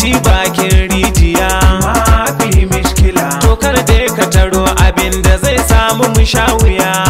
ci bakin rijiya mafi mishkila tokar da ka taro abin da zai samu mu sha wuya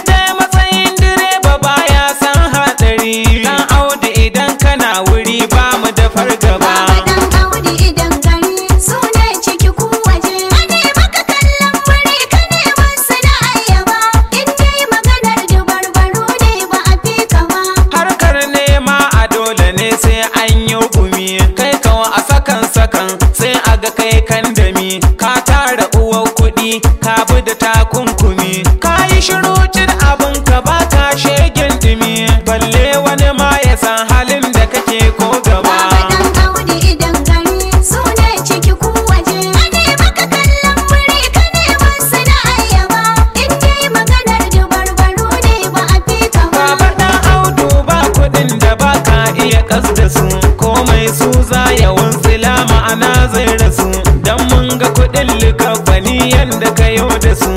na zai rasu don mun ga kuɗin likafani yadda ka yau da su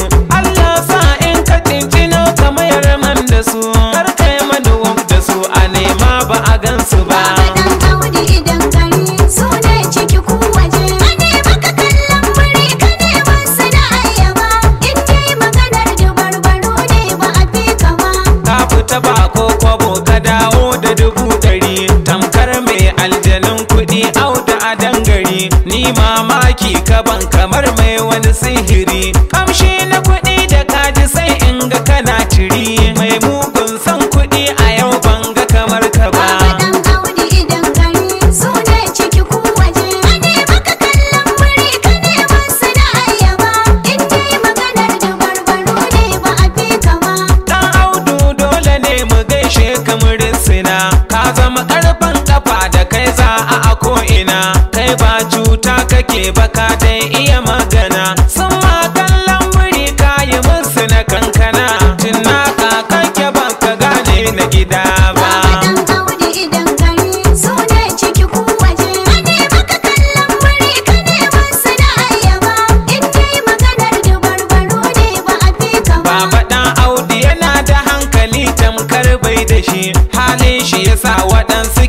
ke baka dai iya magana sun ma kallon wuri kayi musu na kankana tun na ban ka gane na gida ba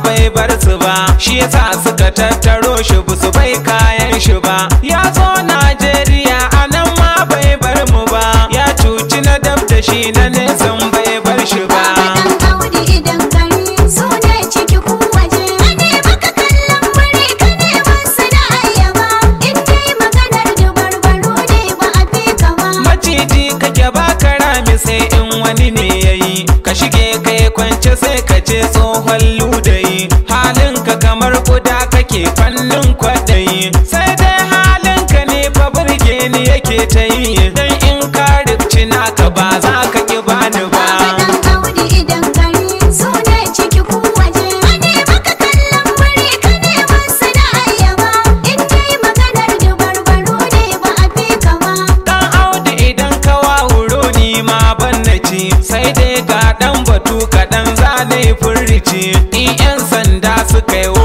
bai bar su ba shi yasa suka tattaro shi busu bai kayan shi ba ya zo Najeriya a nan ma bai bar mu ba ya cuci na dab da shi na nesan bai bar shi ba sai in wani ne yayi ka shige kai kwance sai ka ce tsohon lura. kake fannin kwaɗayi sai dai halinka ne fa burge ni yake ta yi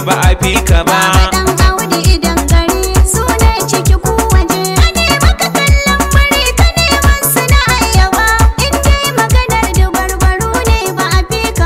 ba a fi ka ba